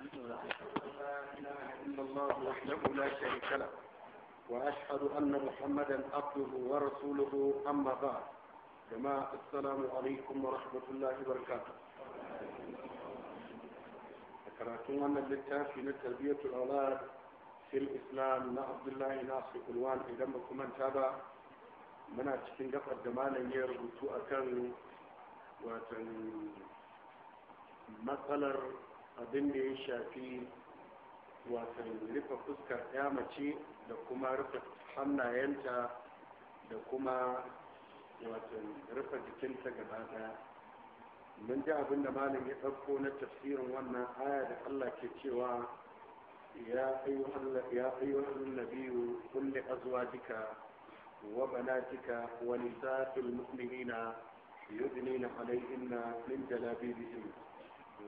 الله وحده لا شريك له واشهد ان محمدا عبده ورسوله اما بعد جماعة السلام عليكم ورحمة الله وبركاته. ذكرتم أن اللتان في تربية الأولاد في الإسلام نا عبد الله ناصر قلوان إذا ما كمان تابع منا تشكين قفا الدمانة يربطوا أكل وتن مثلا abin da ya shafi wasan rufe fuskar ya mace da kuma rufe hannayenta da kuma wasan rufe jikinta gaba daya mun ji abin da malam ya ɗauko na tafsirin wannan aya da allah ke cewa ya ayyuhan nabiyu kulli azwajika wa banatika wa nisa'il mu'minina yudnina alayhinna min jalabibihinna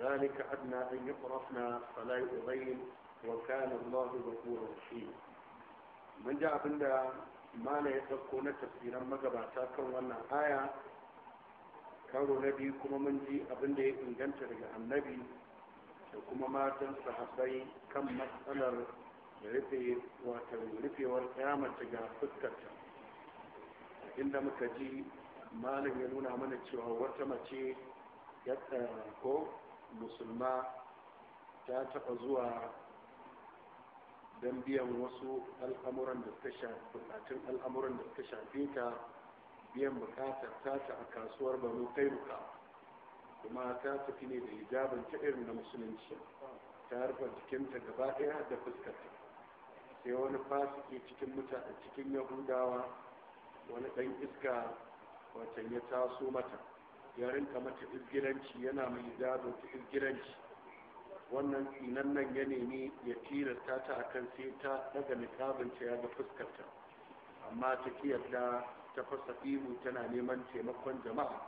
ذلك أدنى أن يقرفنا فلا يؤذين وكان الله غفورا رحيما من جاء بنا ما لا يتكون تفسيرا مغباتا كان وانا آية karo na biyu kuma mun ji abin da ya inganta daga annabi da kuma matan sahabbai kan matsalar rufe wata rufewar kyamata ga fuskarta inda muka ji malam ya nuna mana cewa wata mace ya ko musulma ta taɓa zuwa don biyan wasu al'amuran da suka shafi bukatun al'amuran da suka shafe ta biyan bukatar tata a kasuwar banu kuma ta tafi ne da hijabin ta irin na musulunci ta rufe jikinta gaba ɗaya da fuskarta sai wani fasiki cikin mutane cikin yahudawa wani ɗan iska wacce ya taso mata ya rinka mata izgiranci yana mai gado ta izgiranci wannan tsinan nan ya nemi ya tilasta ta a kan sai ta daga nikabinta ya ga fuskarta amma ta da ta fasa ihu tana neman taimakon jama'a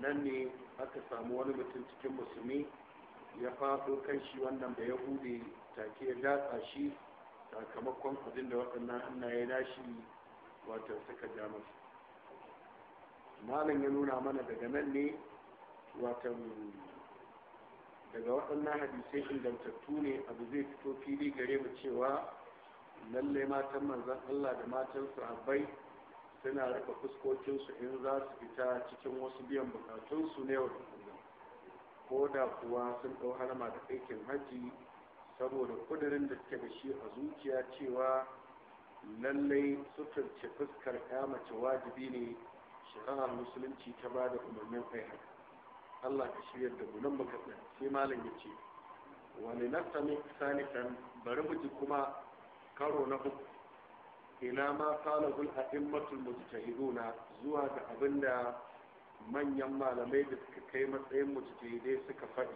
nan ne aka samu wani mutum cikin musulmi ya faɗo kan shi wannan da ya hude take ya gatsa shi sakamakon abin da waɗannan hannaye nashi wato suka ja masa malam ya nuna mana daga nan ne watan daga waɗannan hadisai ingantattu ne abu zai fito fili gare mu cewa lallai matan manzan Allah da matan sahabbai suna rufe fuskokinsu in za su fita cikin wasu biyan bukatunsu ne wa ko da kuwa sun ɗau harma da aikin hajji saboda kudirin da suke da shi a zuciya cewa lallai sutarce fuskar ya mace wajibi ne shari'ar musulunci ta ba da umarnin kai haka Allah ka shirya da mu nan sai malam ya ce wani sani kan bari mu ji kuma karo na uku ina ma gul hul a'immatul mujtahiduna zuwa ga abinda manyan malamai da suka kai matsayin mujtahidai suka faɗi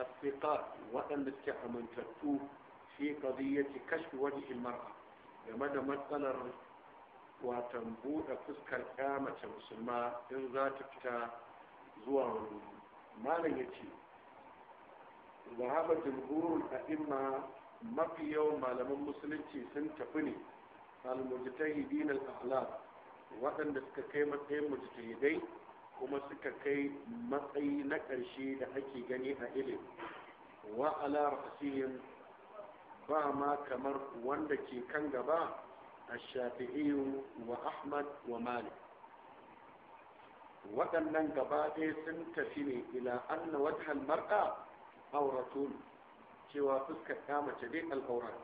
asiqa waɗanda suke amintattu fi qadiyyati kashfi wajhi mar'a game da matsalar watan buɗe fuskar ya mace musulma in za ta fita zuwa wani malam ya ce zahaba jimhurul a'imma mafi yawan malaman musulunci sun tafi ne al-mujtahidin al-akhlaq waɗanda suka kai matsayin mujtahidai kuma suka kai matsayi na ƙarshe da ake gani a ilim. wa ala rasihim ba ma kamar wanda ke kan gaba Ahmad wa Malik. waɗannan gaba ɗaya sun tafi ne ila anna wata mar'a auratun cewa fuskar ta mace dai al'auran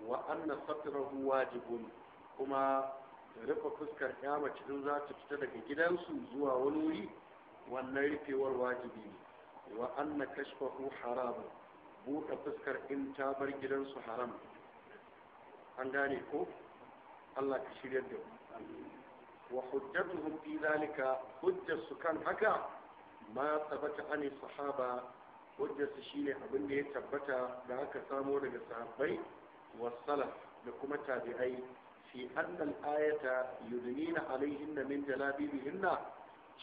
wa anna satrahu wajibun kuma rufe fuskar ta mace din za ta fita daga gidansu zuwa wani wuri wannan rufewar wajibi ne wa anna kashfahu buɗe fuskar in ta bar gidansu haram an gane ko Allah ka shiryar da wa hujjatuhum fi zalika hujjarsu kan haka ma tabbata ani sahaba hujjarsu shine abin da ya tabbata da aka samo daga sahabbai wasalaf da kuma tabi'ai fi annal ayata yudnina alaihinna min jalabibihinna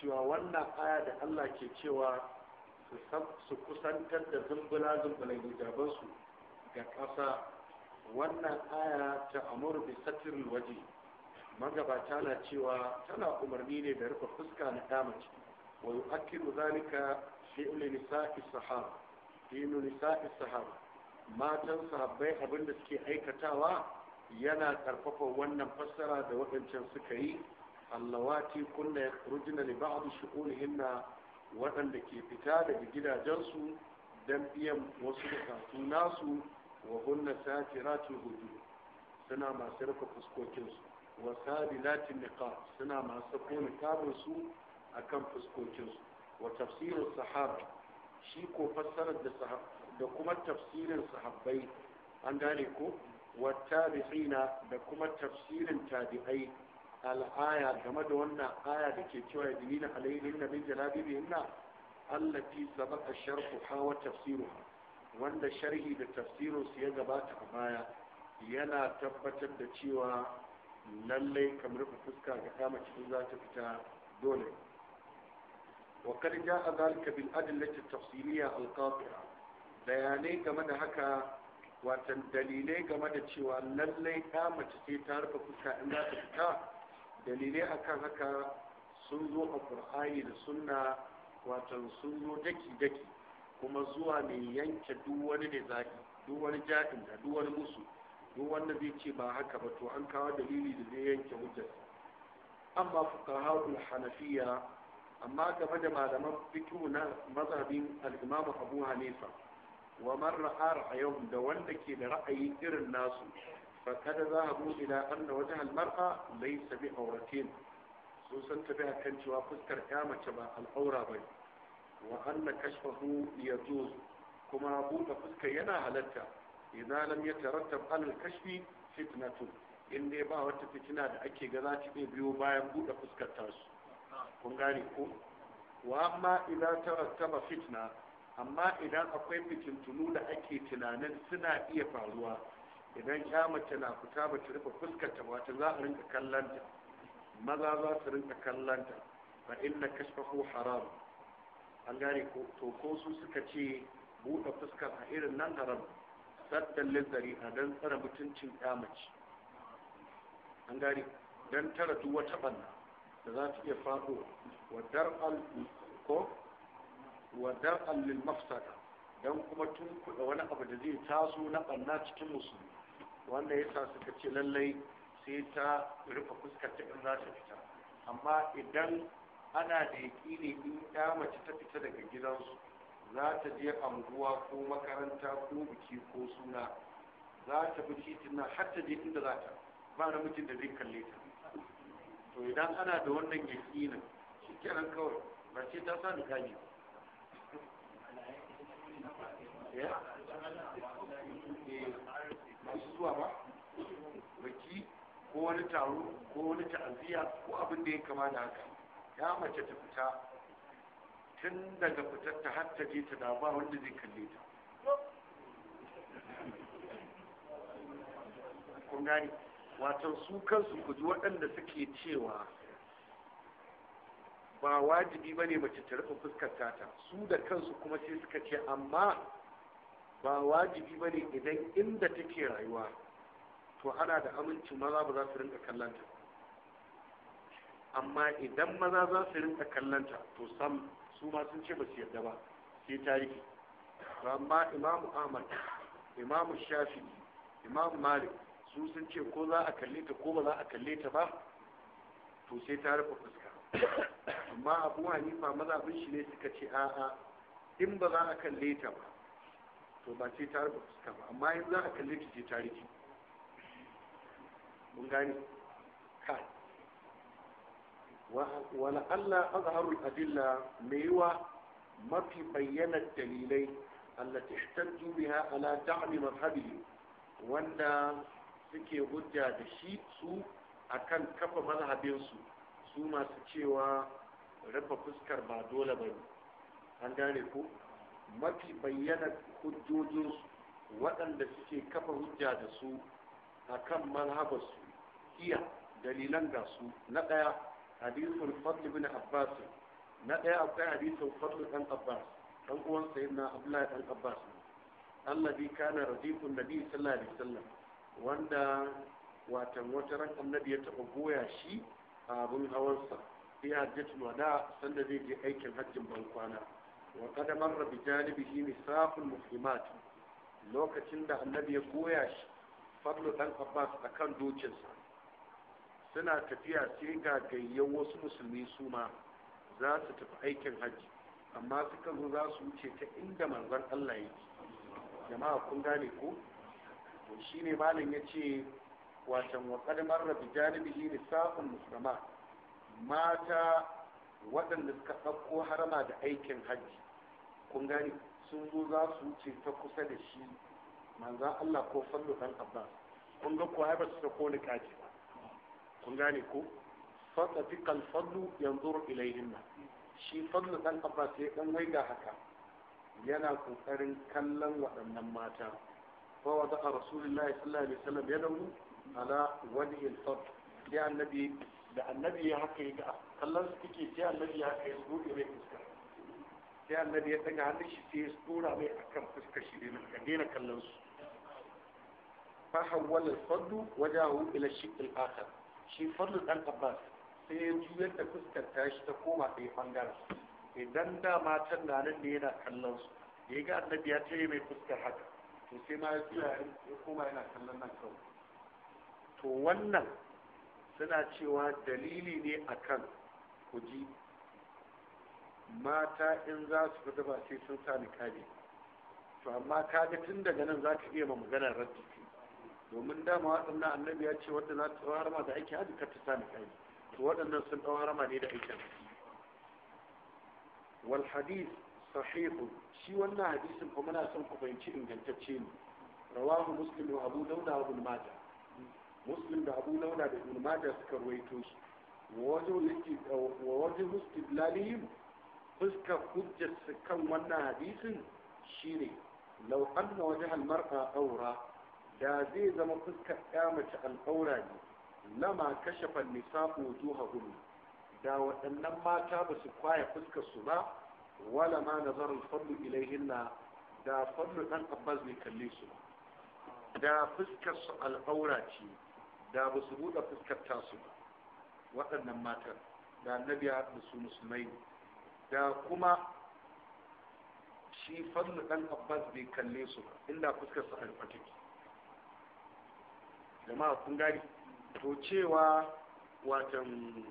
cewa wannan aya da Allah ke cewa su kusantar da zumbula zumbulan hijabansu ga ƙasa wannan aya ta amur bi satirul waje magabata na cewa tana umarni ne da rufe fuska na damaci wani yu'akkidu zalika fi'lu nisa'i sahaba fi'lu nisa'i sahaba matan sahabbai abinda suke aikatawa yana karfafa wannan fassara da waɗancan suka yi allawati kunna ya yakhrujna li ba'd shu'unihinna waɗanda ke fita daga gidajensu don biyan wasu bukatu nasu wa kunna satiratul wudu suna masu rufe fuskokinsu wa sabilatin niqab suna masu sako niqabin su akan fuskokinsu wa tafsirin sahaba shi ko fassarar da da kuma tafsirin sahabbai an gane ko wa tabi'ina da kuma tafsirin tabi'ai al'aya game da wannan aya da ke cewa yadinina alayhin min jalabibihinna allati sabaqa sharhuha wa tafsiruha wanda sharhi da tafsirinsu ya gabata a baya yana tabbatar da cewa lallai kamar rufe fuska ga kama cikin za ta fita dole a جاء ذلك بالأدلة التفصيلية القاطعة bayanai game da haka watan dalilai game da cewa lallai kama cikin sai ta rufe fuska in za ta fita dalilai akan haka sun zo a qur'ani da sunna watan sun zo daki daki kuma zuwa mai yanke duk wani ne zaki duk wani ja'in da duk wani musu duk wanda zai ce ba haka ba to an kawo dalili da zai yanke hujjar amma fuqahaul hanafiya amma game da malaman fiqh na mazhabin al-imam Abu Hanifa wa man ra'a ra'ayuhum da wanda ke da ra'ayi irin nasu فقد ذهبوا إلى أن Sun san ليس بأورتين سوسن تبع fuskar ya mace ba al'aura bane wa anna kashfahu yajuz kuma buɗe fuska yana halatta idan lam yatarattab alal kashfi fitnatun in dai ba wata fitina da ake ga za ta iya biyo bayan buɗe fuskar su kun gane ko wa amma idan tarattaba fitna amma idan akwai fitintunu da ake tunanin suna iya faruwa idan ya mace na fita ba ta rufe fuskar ta ba za a rinka kallanta maza za su rinka kallanta fa inna kashfahu haram an gane to ko su suka ce buɗe fuskar a irin nan haram saddan lizari a don tsara mutuncin mace an gane don tara duk wata banna da za ta iya faɗo wa dar'al ko wa lil mafsada don kuma tun kuɗa wani abu da zai taso na banna cikin musu wanda yasa suka ce lallai sai ta rufe fuskar ta in za ta fita amma idan ana da yaƙini in ya mace ta fita daga gidansu za ta je anguwa ko makaranta ko biki ko suna za ta fi titina har ta je inda za ta ba namijin da zai kalle ta to idan ana da wannan yaƙinin shi kenan kawai ba ce ta sa ni gani eh? eh, masu zuwa ba baki ko wani taro ko wani ta'aziyya ko abin da ya kama da haka ya mace ta fita tun daga fitar ta har ta je ta da ba wanda zai kalle ta kun gani wato su kansu ku ji waɗanda suke cewa ba wajibi ba ne mace ta rufe fuskanta ta su da kansu kuma sai suka ce amma ba wajibi ba ne idan inda take rayuwa to ana da aminci maza ba za su rinka kallanta amma idan maza za su rinka kallanta to sam su ma sun ce ba su yarda ba sai tarihi to amma imamu ahmad imamu shafi imamu malik su sun ce ko za a kalle ta ko ba za a kalle ta ba to sai ta rufe fuska amma abu hanifa mazabin shi ne suka ce a'a in ba za a kalle ta ba to ba sai ta rufe fuska ba amma in za a kalle ta sai tarihi, mun gane kai wani allah azharul adilla mai wa mafi bayyanar dalilai allati ihtajju biha ala da'mi mazhabihi wanda suke hujja da shi su akan kafa mazhabinsu su masu cewa rufe fuskar ba dole ba ne an gane ko mafi bayyana hujjojinsu waɗanda suke kafa hujja da su akan kan su iya dalilan ga su na ɗaya hadisul fadl ibn abbas na ɗaya akwai hadisul fadl dan abbas dan uwan sayyidina abdullahi dan abbas alladhi kana radifun nabi sallallahu alaihi wanda watan wata ran annabi ya taɓa goya shi a abin hawansa fi hajjatul wada sanda zai je aikin hajjin ban kwana wa kada marra bi janibihi misaful muslimat lokacin da annabi ya goya shi fadlu dan abbas kan dokinsa suna tafiya sai ga gayyan wasu musulmi su ma za su tafi aikin hajji amma suka zo za su wuce ta inda manzon Allah yake jama'a kun gane ko to shine malam ce, watan wa qad marra bi ne nisa'un musulma. mata waɗanda suka ɗauko harama da aikin hajji kun gane sun zo za su wuce ta kusa da shi manzon Allah ko fallo dan Abbas kun ga ko ai ba su ta kone ni kun gane ko fadda yanzu fadlu yanzuru ilaihinna shi fadlu dan abbas sai dan waiga haka yana kokarin kallon waɗannan mata fa wada rasulullahi sallallahu alaihi wasallam yadahu ala wajhi al-fadl sai annabi da annabi ya haka yi ga kallon su kike sai annabi ya haka ya zuɗe mai fuska sai annabi ya ɗaga hannun shi sai ya tsora mai akan fuska shi ne ka daina kallon su fa hawwala al-fadlu wajahu ila shiqqi al-akhar shi fadlu dan tabbas sai ya juyar da fuskar tashi ta koma ɗaya bangaren idan da matan na nan ne yana kallon su da ya ga annabi ya tare mai fuskar haka to sai ma ya juya ya koma yana kallon nan kawai to wannan suna cewa dalili ne akan ku ji mata in za su fita ba sai sun sa kaji. to amma kaji tun daga nan za ka iya ma maganar raddi domin dama waɗannan annabi ya ce wadda za ta ɗau harama da aikin hajji kar ta sami kai to waɗannan sun ɗau harama ne da aikin wal hadith sahihu, shi wannan hadisin kuma na son ku fahimci ingantacce ne rawahu muslim wa abu dauda wa ibn muslim da abu dauda da ibn suka ruwaito shi wa wajen istidlalihim fuskar hujjar kan wannan hadisin shine law anna wajhal mar'a aura. da zai zama fuskar ya mace al'aura ne lama kashe fannisa wujuha hulu da waɗannan mata ba su kwaya fuskar su ba wala ma nazarin fallu ilaihinna da fallu ɗan abbas ne kalle su ba da fuskar su al'aura ce da ba su buɗe fuskar tasu ba waɗannan matan da annabi ya da su musulmai da kuma shi fallu ɗan abbas bai kalle su ba inda fuskar su alfa da ma kun gari to cewa watan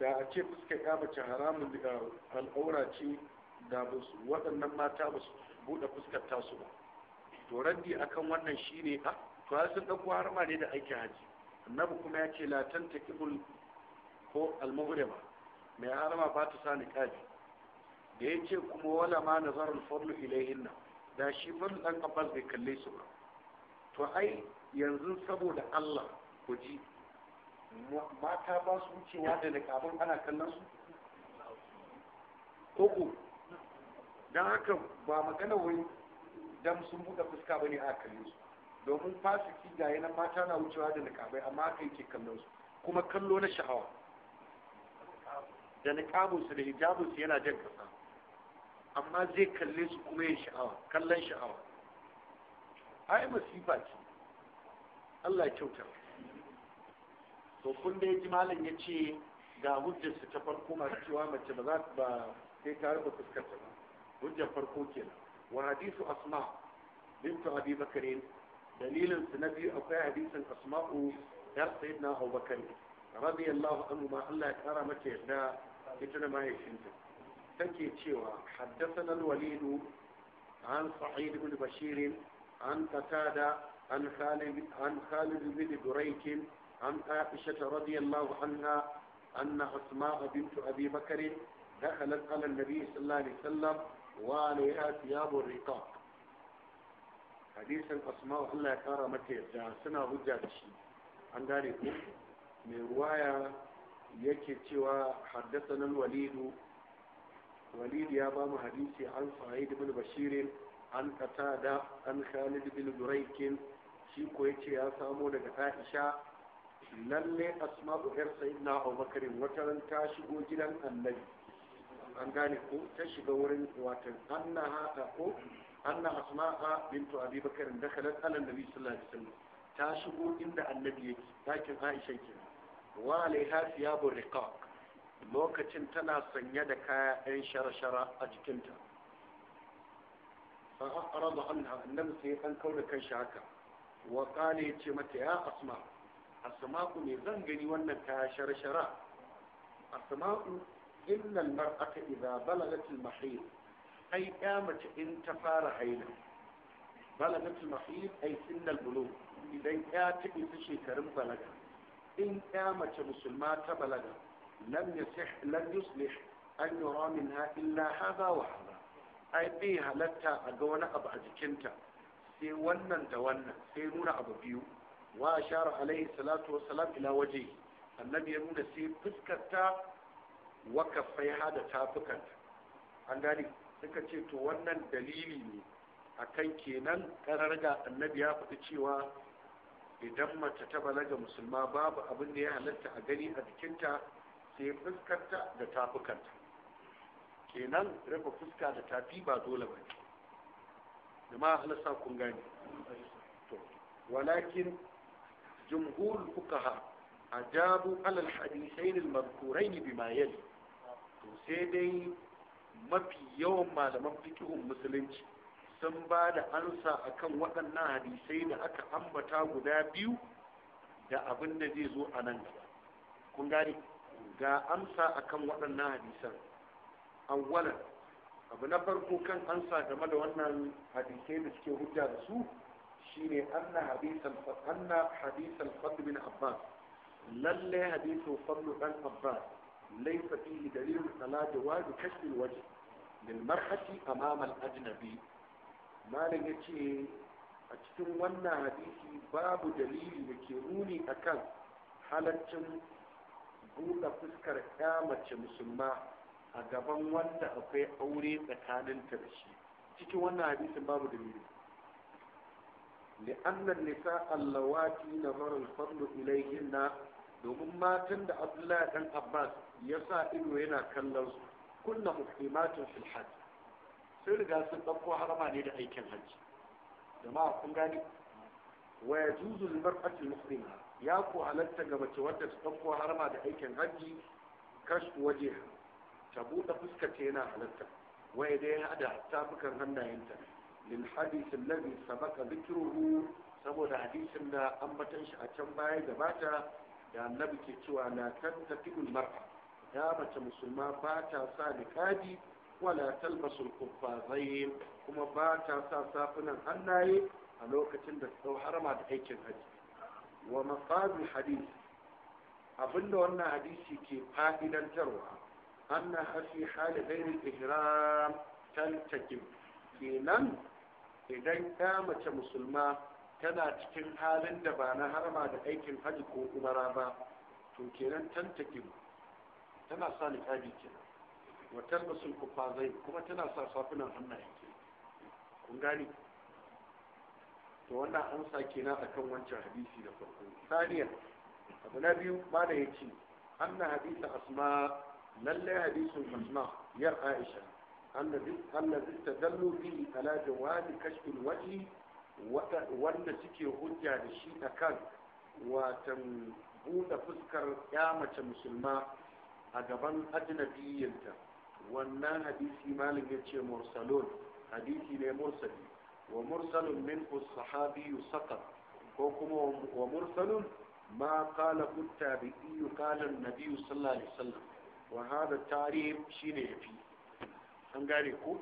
da a ce fuskar ya bace haramun da al'aura ce da waɗannan mata ba su buɗe fuskar tasu ba to raddi akan wannan shine a to ya sun ɗauko harma ne da aiki haji annabi kuma ya ce latan ta kibul ko ba mai harama ba ta sa kaji? da ya ce kuma wala ma nazarul fadlu nan. da shi man dan kafar bai kalle su ba to ai yanzu saboda Allah ku ji mata ba su wucewa da niqabin ana kallon su koko don haka ba magana wai dan sun buɗe fuska bane a kalle su domin fasiki ga yana mata na wucewa da niqabai amma haka yake kallon su kuma kallo na sha'awa da niqabun su da hijabun su yana jan kasa amma zai kalle su kuma yin sha'awa kallon sha'awa ai masifa ce Allah kyauta to kun da ji malin ya ce ga hujjarsa ta farko masu cewa mace ba za ba sai ta rufe fuskarta ba hujjar farko kenan wa hadisu asma bintu abi bakarin dalilin su na biyu akwai hadisin asma'u yar sayyidina abubakar radiyallahu anhu ma Allah ya kara mata yadda ita na mahaifinta take cewa haddasa al-walidu an sa'id ibn bashir an qatada an khalid an khalid ibn durayk an aisha radiyallahu anha أن أسماء بنت أبي بكر دخلت على النبي صلى الله عليه وسلم وعليها ثياب الرقاق hadisin asma'u Allah ya kara mata yadda suna hujja da shi an gane ku mai ruwaya yake cewa haddasa nan walidu walid ya ba mu hadisi an sa'id ibn bashir an qatada an khalid ibn shi ko yace ya samo daga aisha lalle asma'u yar sayyidina abubakar wata ran ta shigo gidan annabi an gane ko ta shiga wurin watan annaha ta ko anna asma'a bintu abi bakar dakhalat sallallahu alaihi wasallam ta shigo inda annabi yake dakin aisha ke wa alaiha thiyabur riqaq lokacin tana sanye da kaya ɗan shara-shara a jikinta fa aqrada anha annabi sai ya kauda kan shi haka wa qala yace mata ya asma asma'u ne zan gani wannan kaya shara-shara asma'u inna al-mar'ata idha balagat al-mahid ai ya mace in ta fara haila balagat al-mahid ai sinna al-bulugh idan ya ta isa shekarun balaga in ya mace musulma ta balaga لم يصح لم يصلح أن يرى منها إلا هذا وهذا أي بيها لتا أدونا أبا أجكنتا sai wannan da wannan sai nuna abu biyu wa ashara alaihi salatu wassalam ila waje annabi ya nuna sai fuskarta wa kaffaiha an suka ce to wannan dalili ne akan kenan kararga annabi ya faɗi cewa idan mace ta balaga musulma babu abin da ya halatta a gani a jikinta sai fuskarta da tafukanta kenan rufe fuska da tafi ba dole ba da ma kun gane to walakin jumhur fuqaha ajabu alal hadithain al bima yali to sai dai mafi yawan malaman fikihun musulunci sun ba da ansa akan waɗannan hadisai da aka ambata guda biyu da abin da zai zo a nan gaba kun ga amsa akan waɗannan hadisan awwalan abu na farko kan amsa game da wannan hadisai da suke hujja da su shine anna hadisan anna hadisan fadl bin abbas lalle hadisu fadl dan abbas laysa fihi dalil ala jawaz kashf alwajh lil mar'ati amam al-ajnabi malam yace a cikin wannan hadisi babu dalili da ke nuni akan halaccin buɗe fuskar ya mace musulma a gaban wanda akwai aure tsakaninta da shi cikin wannan hadisin babu da dalili لأن na اللواتي نظر الفضل إليهن domin matan da Abdullahi dan Abbas ya sa ido yana kallon su kunna muslimatun fil hajj sun riga sun ɗauko harama ne da aikin hajji jama'a kun gani wa yajuzu lil mar'ati muslima ya ku halatta ga mace wadda ta ɗauko harma da aikin hajji kash waje ta buɗe fuska ta yana halatta wai dai hada tafukan hannayenta lil hadisin ladhi sabaka dhikruhu saboda hadisin da ambatan shi a can baya gabata da annabi ke cewa la tantafiul mar'a ya mace musulma ba ta sa niqabi wala talbasul kuffazain kuma ba ta sa safunan hannaye a lokacin da ta harama da aikin hajji wa maqadu hadith abinda wannan hadisi ke fa'idantarwa anna hafi hali ghairi ihram tantakim kenan idan ta mace musulma tana cikin halin da ba na harma da aikin haji ko umara ba to kenan tantakim tana sa niqabi kenan wa talbasul kufazai kuma tana sa safunan hannaye kun gani to wannan amsa kenan akan wancan hadisi da farko saniya abu na biyu ma da yake anna hadisa asma lallai hadisin asma yar aisha allazi tadallu bihi ala jawazi kashfil wajhi wanda suke hujja da shi a kan watan buɗe fuskar ya mace musulma a gaban ajnabiyyanta wannan hadisi malam ya ce mursalon hadisi ne mursali wa mursalun minhu sahabi saqat ko kuma wa mursalun ma qala kuttabi qala an-nabi sallallahu alaihi wasallam wa hada tarih shine yafi an gane ku.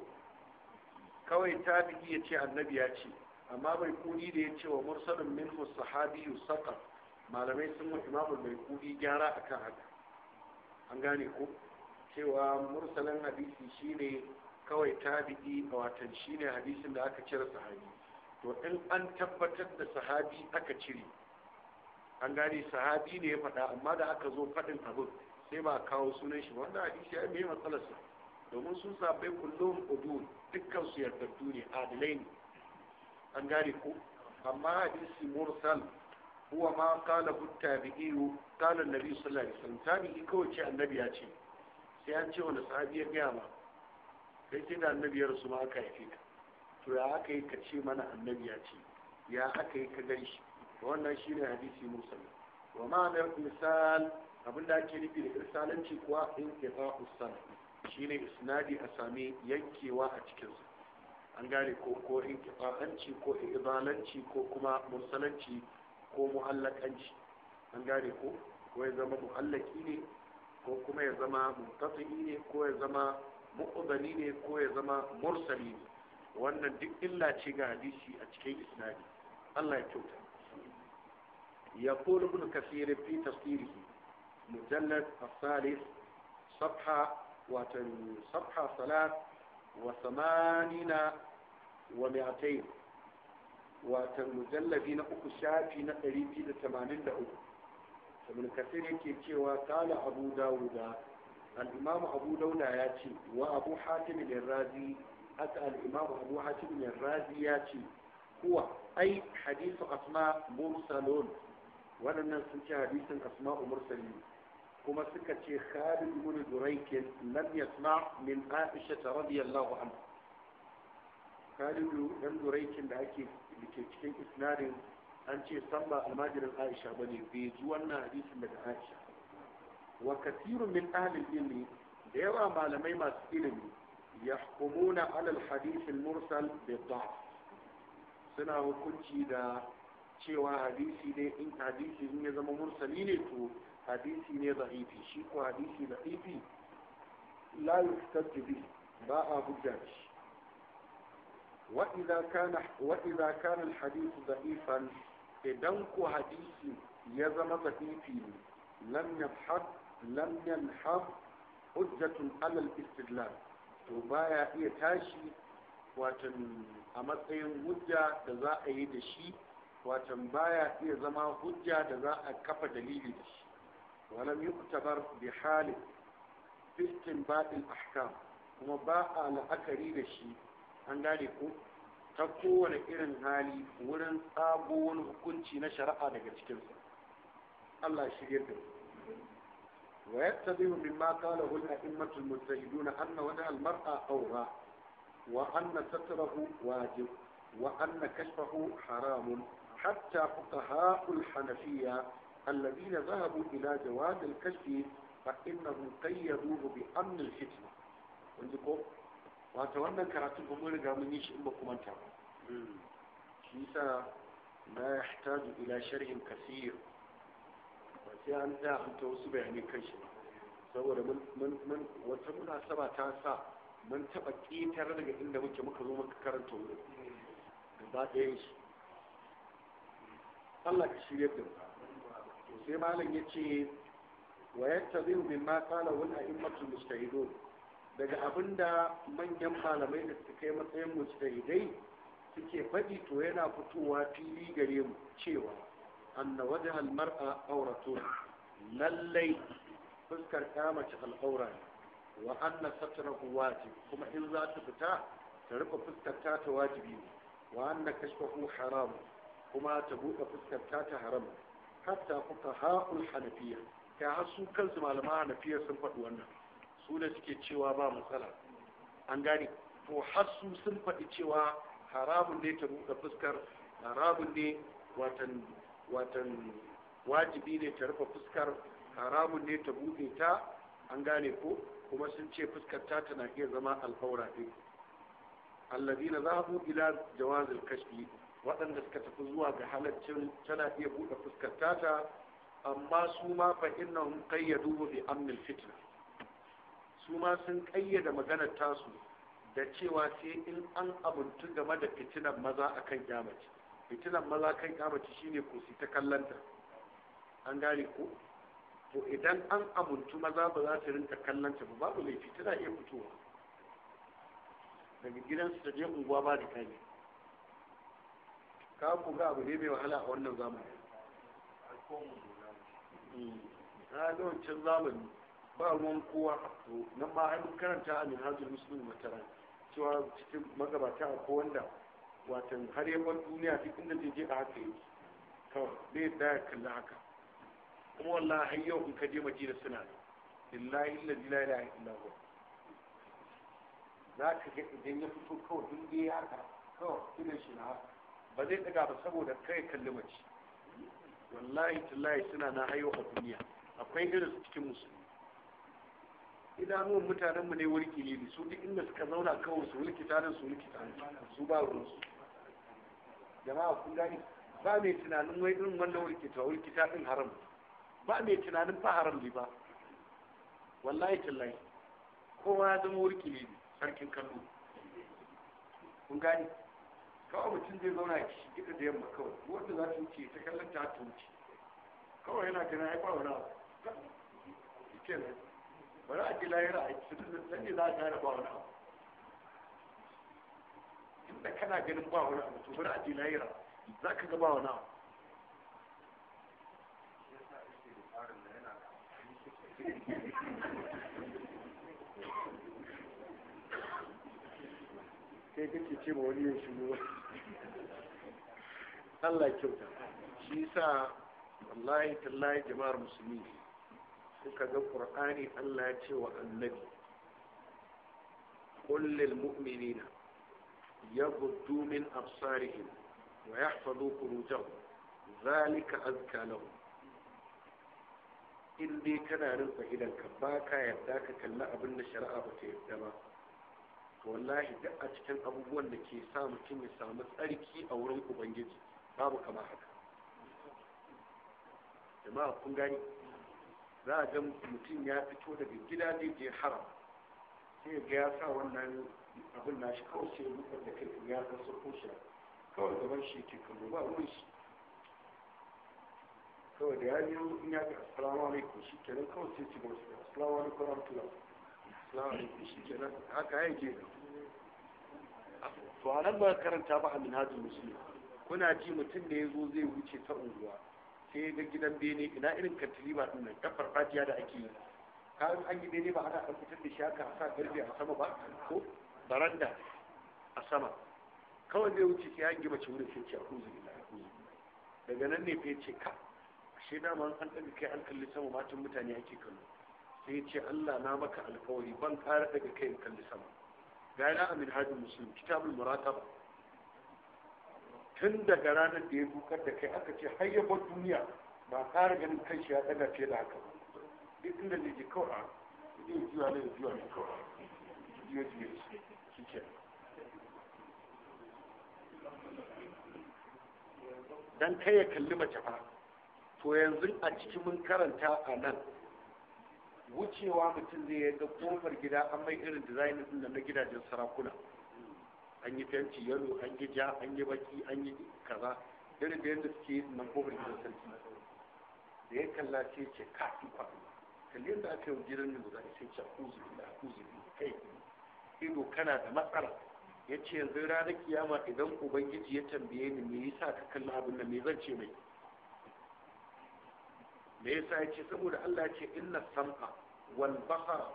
kawai tabi'i ya ce annabi ya ce amma bai kudi da ya ce wa mursalin minhu sahabiyu saqat malamai sun wa imamul bai kudi gyara akan haka an gane ku. cewa mursalin hadisi shine kawai tabi'i a watan shine hadisin da aka cire sahabi to in an tabbatar da sahabi aka cire an gane sahabi ne ya faɗa amma da aka zo faɗin abin sai ba kawo sunan shi wanda hadisi ya mai matsalarsa domin sun sabai kullum udul dukkan su yardattu ne adilai ne an gane ko amma hadisi mursal huwa ma qala bu tabi'i qala Nabi sallallahu alaihi wasallam tabi'i kawai ce annabi ya ce sai an ce wani sahabi ya gaya ma sai ce da annabiyar su ma aka haife ka to ya aka yi ka ce mana annabi ya ce ya aka yi ka gan shi wannan shi ne hadisi musulmi wa ma'anar misal abin da ake nufi da irsalanci kuwa in ifa usana shi ne isnadi a sami yankewa a cikinsa an gane ko ko in kifa'anci ko izalanci ko kuma mursalanci ko muhallakanci an gane ko ko ya zama muhallaki ne ko kuma ya zama mutasi ne ko ya zama mu'udani ne ko ya zama mursali ne wannan duk illa ce ga hadisi a cikin isnadi Allah ya kyauta ya kula ibn kasir fi tafsirihi mujallad as-salis صفحة صفحة ثلاث وثمانين ومئتين na أكو شافي نقريبي لثمانين لأكو فمن كثير كي وقال أبو داود al abu daula ya ce wa abu hatim al-razi haka al abu hatim razi ya ce kuwa ai hadisu asma mursalun waɗannan sun ce hadisin asma mursali kuma suka ce khalid ibn durayk lam yasma min aisha radiyallahu anha khalid ibn durayk da ake dake cikin isnadin an ce san ba almajirin aisha bane bai ji wannan hadisin daga aisha wa kathirun min ahli ilmi da yawa malamai masu ilimi yahkumuna ala al-hadith al-mursal bi suna hukunci da cewa hadisi ne in hadisi ne ya zama mursali ne to hadisi ne da'ifi shi ko hadisi da'ifi la yustajju bi ba a hujja shi wa idza kana wa idza kana alhadith da'ifan idan ko hadisi ya zama da'ifi ne lam yabhad lam yanhab hujjatun alal istidlal to baya iya tashi watan a matsayin hujja da za a yi da shi watan baya iya zama hujja da za a kafa dalili da shi walam yuktabar bi halin fiskin baɗin ahkam kuma ba a la'akari da shi an gane ko ta kowane irin hali wurin tsago wani hukunci na shari'a daga cikinsa Allah shirya da mu ويقتدر مما قاله الأئمة المجتهدون أن وضع المرأة عورة وأن ستره واجب وأن كشفه حرام حتى فقهاء الحنفية الذين ذهبوا إلى جواز الكشف فإنهم قيدوه بأمن الفتنة عندكم وأتمنى كراتب أمور قامنيش إنكم أنتم ليس ما يحتاج إلى شرح كثير sai an tsaya an ta wasu bayanai kan shi saboda mun wata munasaba ta sa mun taɓa ƙetare daga inda muke muka zo muka karanta wurin gaba ɗayan su Allah ka shirya da sai malam ya ce wa yattabi min ma qala wal a'immatul mujtahidun daga abinda manyan malamai da suka kai matsayin mujtahidai suke faɗi to yana fitowa fili gare mu cewa anna wajha almar'a auratun lallai fuskar ya mace al'aura ne wa anna satrahu wajib kuma in za ta fita ta rufe fuskar ta ta wajibi ne wa anna kashfahu haram kuma ta buɗe fuskar ta ta haram hatta fuqaha'ul hanafiya kai har su kansu malaman hanafiya sun faɗi wannan su suke cewa ba matsala an gane sun faɗi cewa haramun ne ta fuskar haramun ne watan watan wajibi ne ta rufe fuskar haramun ne ta buɗe ta an gane ko kuma sun ce fuskar ta tana iya zama alfaura ɗin za zahabu ila jawazil kashfi waɗanda suka tafi zuwa ga halaccin tana iya buɗe fuskar ta amma su ma fa innahum qayyadu bi amnil fitna su ma sun ƙayyada maganar tasu da cewa sai in an abuntu game da fitinar maza akan yamace fitilan maza kan kyamaci shine ku ta kallanta an gane ku to idan an amuntu maza ba za su rinka kallanta ba babu laifi fitila iya fitowa daga gidansu ta je unguwa ba da kai ka ku ga abu ne mai wahala a wannan zamani hmm, a can zamani ba ruwan kowa to nan ma an karanta a minhajul musulun mataran cewa cikin magabata a wanda watan har yawan duniya duk inda zai je a haka yi kawai zai da ya kalla haka kuma wallahi har yau in ka je madina suna ne lillahi illazi la ilaha illa huwa za ka ga idan ya fito kawai in dai haka kawai idan shi na haka ba zai daga ba saboda kai kalli mace wallahi tallahi suna na hayo a duniya akwai irin su cikin musulmi idanuwan mutanenmu ne wulki ne su duk inda suka zauna kawai su wulki tarin su wulki tarin su ba su jama'a kun gani ba mai tunanin wai irin wannan wurkita wurkita din haram ba mai tunanin fa haram ne ba wallahi tallahi kowa ya zama wurki ne sarkin kallo kun gani kawai mutum zai zauna ya ci gida da yamma kawai wanda za ta wuce ta kallon ta ta wuce kawai yana ganin ya wani abu ke ba za a ji lahira a cikin nan ne za a gane kwawa na abu tunda kana ganin ba wani abu to bari a je lahira za ka ga ba wani abu sai kake ce ma wani ya shigo Allah kyauta shi sa wallahi tallahi jama'ar musulmi suka ga qur'ani Allah ya ce wa annabi qul mu'minina يغضوا من أبصارهم ويحفظوا فروجهم ذلك أزكى لهم in dai kana rinsa idanka ba ka yarda ka kalli abin da shari'a ba ta yarda ba to wallahi duk a cikin abubuwan da ke sa mutum ya samu tsarki a wurin ubangiji babu kama haka jama'a kun gani za a ga mutum ya fito daga gida ne je haram sai ga ya sa wannan abin na shi kawai da kai ya san sun kawai shi ke kallo ba ruwan shi kawai da yari in ya ga alaikum shi kenan kawai sai ci gaba da alaikum rahmatullah assalamu alaikum shi haka ya ke to a nan ba karanta ba a minhajul muslim kuna ji mutum da ya zo zai wuce ta unguwa sai ga gidan bene ina irin kantiliba din nan kafar fatiya da ake yi kayan an da bene ba ana ɗan fitar da shaka a sa garbe a sama ba ko baranda a sama kawai zai wuce sai ya gima ci wurin sai ce a kuzu ila daga nan ne fai ce ka ashe dama an ɗaga kai an kalli sama matan mutane ake kallo sai ce Allah na maka alkawari ban ƙara daga kai in kalli sama ga yana amin hajji musulun kitabul murataba tun daga ranar da ya dukar da kai aka ce har yabon duniya ba ƙara ganin kan shi ya ɗaga fiye da haka duk inda ne ji kawai a zai zuwa, ne juya ne kawai juya juya dan kai ya kalli mace fa to yanzu a cikin mun karanta a nan wucewa mutum zai ga kofar gida an mai irin design din na gidajen sarakuna an yi fenti yalo an yi ja an yi baki an yi kaza irin da yadda suke nan kofar gidan sarki da ya kalla ce ce ka kwa kalli yadda aka yi gidan nan da sai ce kuzi da kuzi kai ido kana da matsala ya ce yanzu ranar kiyama idan ubangiji ya tambaye ni me yasa ka kalla abin da me zan ce mai me yasa ya ce saboda Allah ce inna sam'a wal basara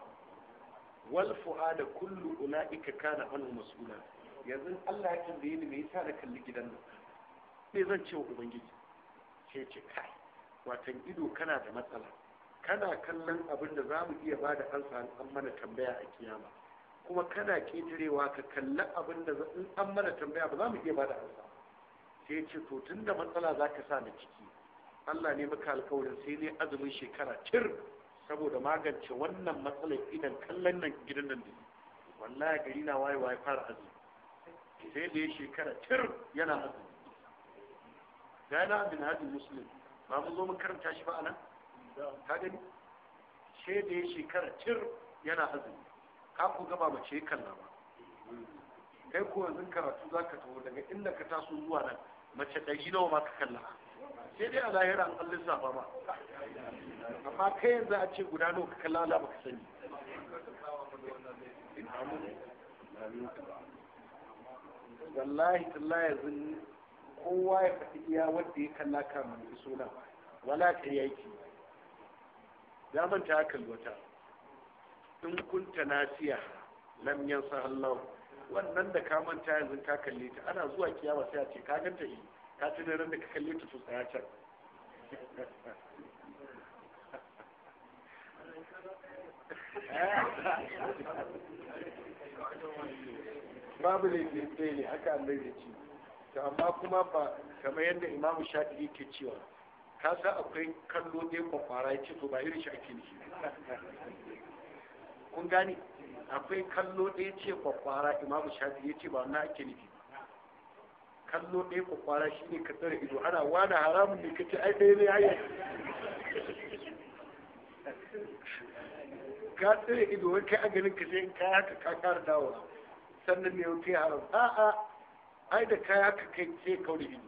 wal fu'ada kullu ulaika kana anhu mas'ula yanzu Allah ya tambaye ni me yasa na kalli gidan nan me zan ce wa ubangiji sai ce kai watan ido kana da matsala kana kallon abin da za mu iya ba da ansa an mana tambaya a kiyama kuma kana ƙetarewa ka kalli abin da in an mana tambaya ba za mu iya bada amsa sai ce to tun da matsala za ka sa na ciki Allah ne maka alkawarin sai ne azumin shekara cir saboda magance wannan matsalar idan kallon nan gidan nan da wallahi gari na waye waye fara azumi sai da ya shekara cir yana azumi ga yana abin hadin muslim ba mu zo mu karanta shi ba anan ka gani sai da ya shekara cir yana azumi ka ku gaba mace kalla ba kai ko yanzu karatu za ka taho daga inda ka taso zuwa nan mace ɗari nawa ma ka kalla sai dai a lahira an kallon zafa ba amma kai yanzu a ce guda nawa ka kalla ala ka sani wallahi tallahi yanzu kowa ya faɗi iya wanda ya kalla mai suna wala ka yaki ya manta ya kalli wata in kunta nasiya lam yansa Allah wannan da ka manta yanzu ka kalle ta ana zuwa kiyama sai a ce ka ganta yi ka ci ran da ka kalle ta to tsaya can babu ne ɗaya ne haka annabi ya to amma kuma ba kamar yadda imamu Shafi yake cewa kasa akwai kallo ɗaya kwakwara ya ce to ba irin shi ake nufi kun gane akwai kallo ɗaya ce kwakwara imamu shafi ya ce ba wannan ake nufi kallo ɗaya kwakwara shi ne ka tsare ido ana wani haramun ne ka ce ai ɗaya ne hanyar ka tsare ido wani kai a ganin ka sai ka haka ka kara dawowa sannan ne wani kai haram a'a ai da ka haka kai sai kauri ido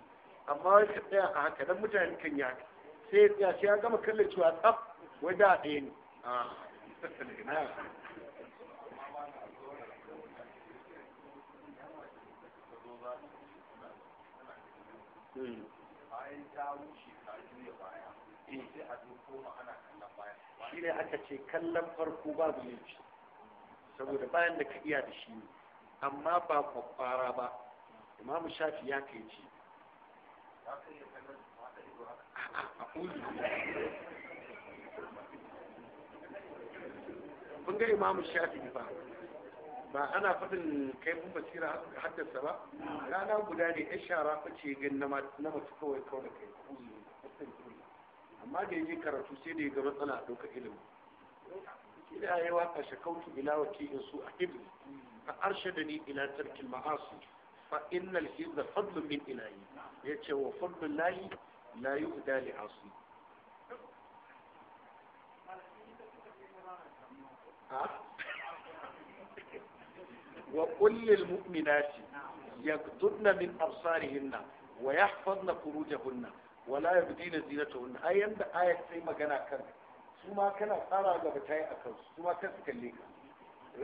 amma wani ka tsaya a haka dan mutane kan yi haka sai ya tsaya sai ya gama kallon cewa tsaf wai da ɗaya ne a'a shi ne aka ce kallon farko babu yanci saboda bayan da ka iya da shi amma ba kwakwara ba imamu shafi ya kai ce a kun ga imamu Shafi ba ba ana faɗin kaifin basira haddasa ba rana guda ne ya shara ce gan na mace kawai kawai da kai amma da yaje karatu sai da ya ga matsala a ɗauka ilimi ina yi waka shakautu ila wakilin su a ibn a arshadani ila tarkin ma'asu fa innal hizza fadlun min ilahi yace wa fadlun lahi la yu'da li asi wa kullil mu'minati من min ويحفظن wa ولا يبدين زينتهن la yabdina zinatahunna ai yanda ayat sai magana kan su ma kana سوما gaba tayi su ma kalle ka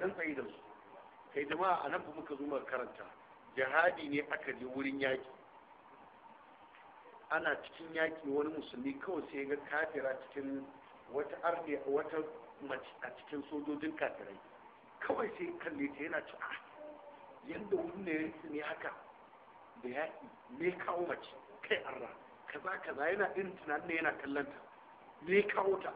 ran tsayi da su kai jama'a anan muka zo karanta jihadi ne aka je wurin yaƙi. ana cikin yaki wani musulmi kawai sai ga kafira cikin wata wata a cikin sojojin kafirai kawai sai kalle ta yana ci ah, yadda wuri ne su ne haka da yaƙi ne kawo mace kai arra kaza kaza yana irin tunanin yana kallon ta ne kawo ta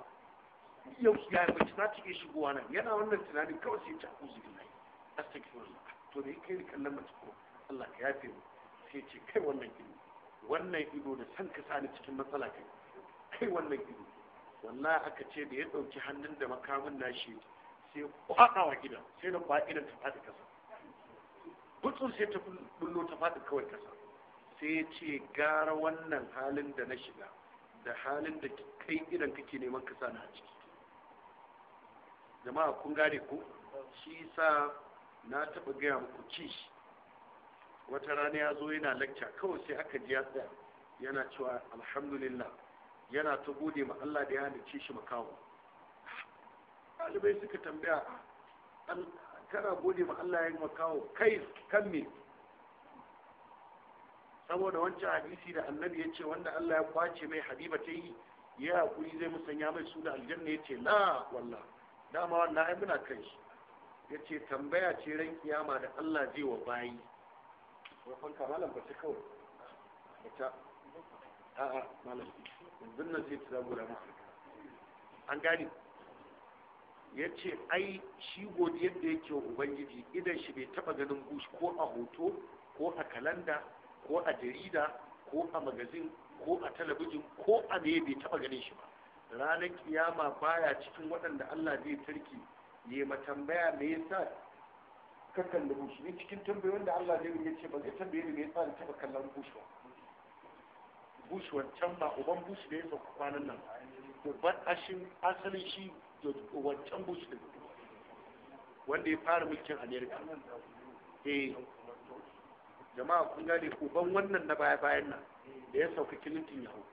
yau ya mace za ta shigowa nan yana wannan tunanin kawai sai ta uzu bin wani astagfirullah to da kai kallon mace ko Allah ka yafe mu sai ce kai wannan gini wannan ido da san ka sani cikin matsala kai kai wannan gini wallahi aka ce da ya ɗauki hannun da makamin nashi sai kwaɗa wa gidan sai na kwaɗa gidan ta faɗi kasa Butsun sai ta bullo ta faɗi kawai kasa sai ya ce gara wannan halin da na shiga da halin da kai idan kake neman kasa na ciki jama'a kun gane ku. shi sa na taɓa gaya muku kishi wata rana ya zo yana lakca kawai sai aka ji ya tsaya yana cewa alhamdulillah yana ta gode ma Allah da ya halicce shi makawo ɗalibai suka tambaya kana gode ma Allah ya makawo kai kan me saboda wancan hadisi da annabi ya ce wanda Allah ya kwace mai habiba ta yi ya hakuri zai musanya mai su da aljanna ya ce la wallah dama wannan ai muna kai shi ya ce tambaya ce ran kiyama da Allah zai wa bayi wafan kamalan ba ta kawai ta a'a malam yanzu nan zai ta zagora musu an gani ya ce ai shi godi yadda yake wa ubangiji idan shi bai taba ganin bush ko a hoto ko a kalanda ko a jarida ko a magazin ko a talabijin ko a me bai taba ganin shi ba ranar kiyama baya cikin waɗanda Allah zai tarki ne matambaya me yasa ka kalli bush ne cikin tambayoyin da Allah zai yi ce ba zai tambaye ni me yasa ni taba kallon bush ba bush wancan ba uban bush da ya sauka kwanan nan uban ashin asalin shi wancan bush din wanda ya fara mulkin america eh jama'a kun gane uban wannan na baya bayan nan da ya sauka kilintin yahu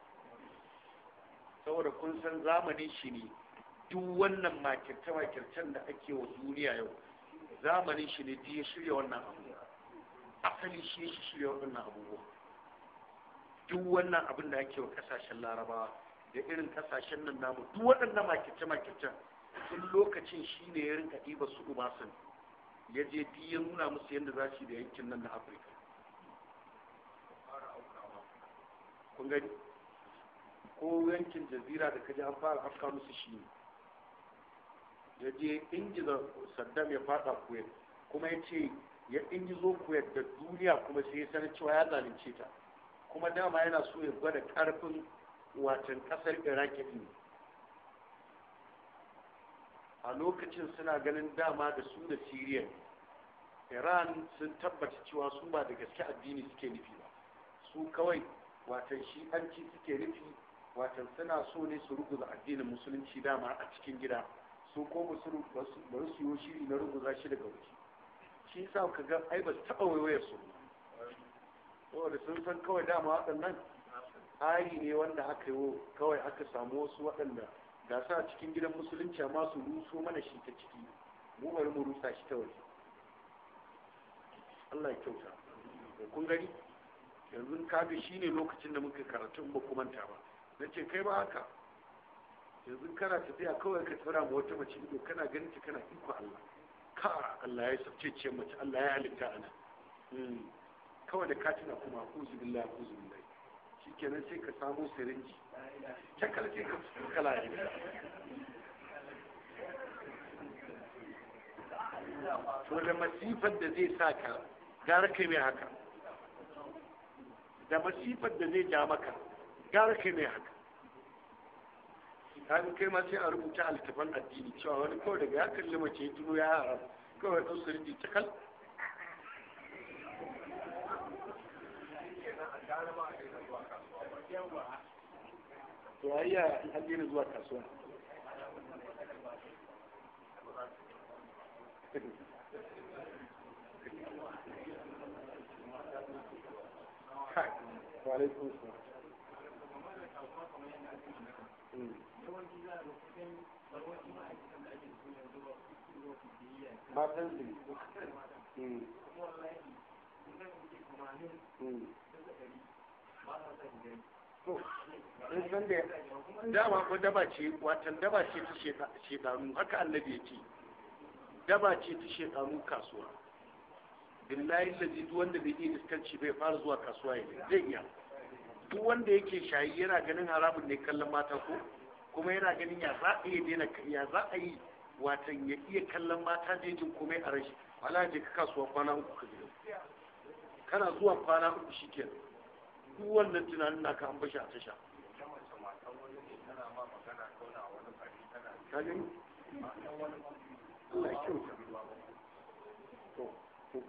saboda kun san zamanin shi ne duk wannan makirce-makircen da ake wa duniya yau zamanin shi ne ya shirya wannan abu asali shi ya shirya wannan abubuwa duk wannan abin da yake wa kasashen larabawa da irin kasashen nan namu duk waɗannan makice makice tun lokacin shi ne ya rinka ɗiba su ubasan ya je di ya nuna musu yadda za su yi da yankin nan na afirka kun gani ko yankin jazira da kaji an fara afka musu shi ne ya je ingiza saddam ya fada kuwait kuma ya ce ya ingizo kuwait da duniya kuma sai ya sanar cewa ya zalunce ta kuma dama yana so ya gwada karfin watan kasar iraki ne a lokacin suna ganin dama da su da siriya iran sun tabbata cewa su ba da gaske addini suke nufi ba su kawai watan shi suke nufi watan suna so ne su ruguza addinin musulunci dama a cikin gida su ko musulun su yi shiri na ruguza shi daga waje shi sa ka ga ai ba su taɓa waiwayar ba saboda sun san kawai dama waɗannan ayi ne wanda aka yi kawai aka samu wasu waɗanda ga sa cikin gidan musulunci amma su ruso mana shi ta ciki mu bari mu rusa shi ta waje Allah ya kyauta kun gani yanzu shi shine lokacin da muka karatu ba kuma ta ba nace kai ba haka yanzu kana tafiya kawai ka tsara ma wata mace ido kana ganin ta kana iko Allah ka Allah ya sabce ce mace Allah ya halitta ana hmm. kawai da katina kuma kuzu billahi kuzu billahi nan sai ka samu sirinji cakar sai ka kala ne to da masifar da zai sa ka gara kai mai haka da masifar da zai ja maka gara kai mai haka kaga kai ma sai a rubuta a addini cewa wani kawai daga ya kalli mace ya tuno ya haram kawai ɗan sirinji cakal to ayya an daina zuwa kasuwa وعليكم da dama ko daba ce watan daba ce ta shekaru haka annabi ya ce daba ce ta shekaru kasuwa billahi lazi duk wanda bai iya iskanci bai fara zuwa kasuwa ya zai iya duk wanda yake shayi yana ganin haramun ne kallon mata ko kuma yana ganin ya za a yi daina ya za a yi watan ya iya kallon mata jejin komai a rashi wala je ka kasuwa kwana uku ka gida kana zuwa kwana uku shikenan duk wannan tunanin naka an bashi a tasha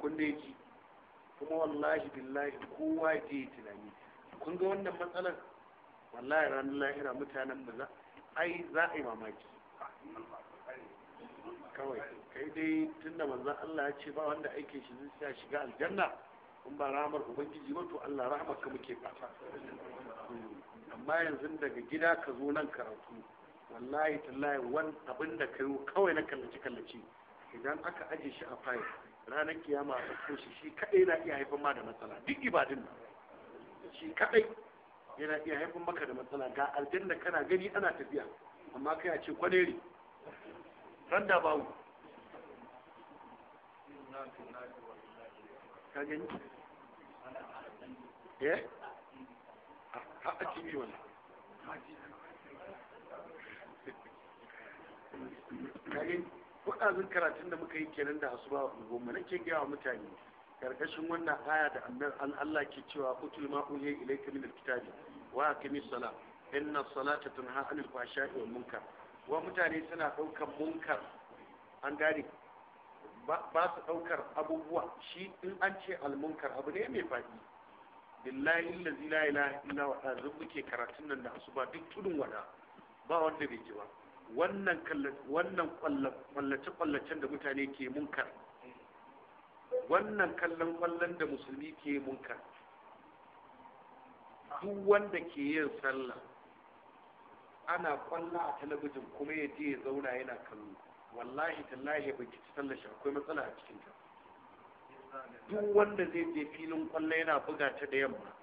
kun dai ji kuma wallahi billahi kowa je tunani kun ga wannan matsalar wallahi ranar lahira mutanen mu za ai za a yi mamaki kawai kai dai tunda manzon Allah ya ce ba wanda aike shi zai shiga aljanna kun ba ramar ubangiji ba to Allah rahmar ka muke fata hmm. amma yanzu daga gida ka zo nan karatu wallahi tallahi wani abin da ka yi kawai na kallaci-kallaci. idan aka aje shi a fayil ranar kiyama a ɗauko shi shi kaɗai na iya haifar ma da matsala duk ibadun shi kaɗai yana iya haifar maka da matsala ga aljanna kana gani ana tafiya amma kai a ce kwaneri ran da bawu ka gani eh a yi wani karatun da muka yi kenan da asuba goma nake gaya wa mutane karkashin wannan aya da annar an Allah ke cewa kutul ma uhiya ilayka min alkitabi wa aqimis sala inna salata tunha anil fahsha'i wal munkar wa mutane suna ɗaukar munkar an gari ba su ɗaukar abubuwa shi in an ce almunkar abu ne mai fadi billahi allazi la ilaha illa wa yanzu muke karatun nan da asuba duk tudun wada ba wanda bai ji ba wannan wannan kwallace kwallacen da mutane ke munkar wannan kallon kwallon da musulmi ke munkar duk wanda ke yin sallah ana kwalla a talabijin kuma ya je ya zauna yana kallo wallahi tallahi bai ci sallah shi akwai matsala a cikin ta duk wanda zai je filin kwallo yana buga ta da yamma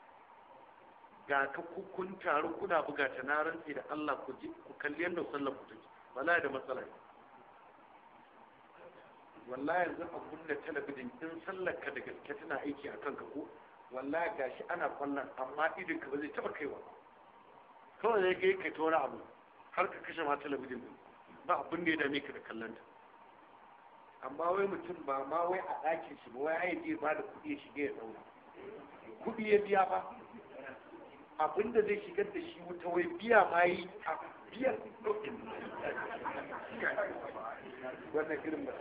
ga ka kun taru kuna buga ta na rantsi da Allah ku ji ku kalli yadda sallar ku take wallahi da matsala ne wallahi yanzu a kunna talabijin in sallar ka da gaske tana aiki a kanka ko wallahi gashi ana kwallon amma idin ka ba zai taba kaiwa kawai zai ga kai ta abu har ka kashe ma talabijin ba abin da ya dame ka da kallon ta amma wai mutum ba ma wai a ɗakin shi ba wai ai je ba da kuɗi ya shiga ya ɗaura kuɗi ya biya ba abinda zai shigar da shi wuta wai biya ma yi a biyan ɗaukin wannan irin ba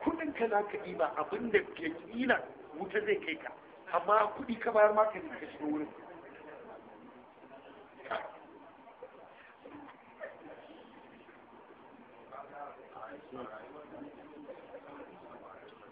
kuɗin ka za ka ɗiba abinda ke ƙila wuta zai kai ka amma kuɗi ka bayar ma ka shiga wurin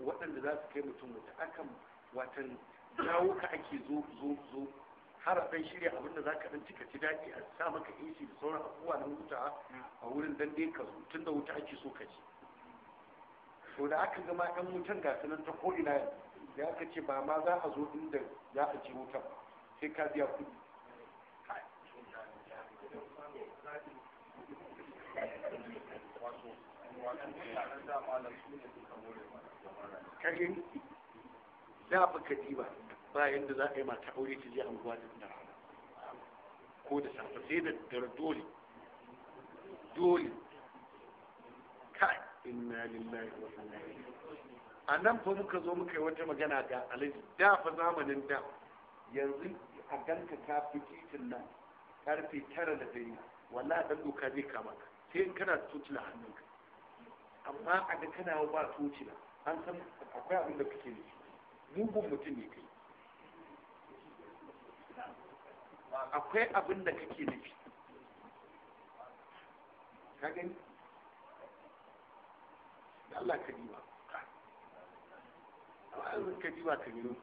waɗanda za su kai mutum mutu akan watan dawo ka ake zo zo zo har a ɗan shirya abinda za ka ɗan cika daɗi a sa maka AC da sauran abubuwa na wuta a wurin dan dai ka tun da wuta ake so ka ci so da aka gama ɗan wutan ga sanan ta ko ina da aka ce ba ma za a zo inda za a ci wutan sai ka biya kuɗi wato wannan mutanen da malam su ne suka more mana kagin zaɓi katiba bayan da za a yi mata aure ta je anguwa da rana ko da safe sai da dare dole dole kai inna lillahi wa inna ilaihi a nan fa muka zo muka yi wata magana ga alaji da fa zamanin da yanzu a ganka ka fi titin nan karfe tara da dare Wala dan doka zai kama sai in kana tutula hannunka amma a da kana ba tutula an san akwai abin da kake nufi mugun mutum ne kai akwai abin da kake nufi ka gani da Allah ka diba Allah ka diba ka gano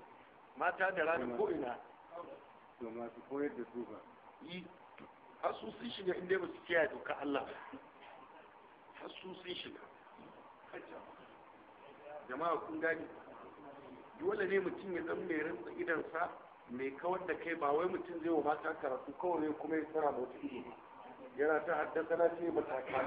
mata da rana ko ina to masu koyar da su ba yi har su sun shiga inda ba su kiyaye doka Allah har su sun shiga jama'a kun gani dole ne mutum ya san mai rantsa idansa mai kawar da kai ba wai mutum zai wa mata karatu kawai ne kuma ya tsara mota ido yana ta haddasa na ce ba ta kuma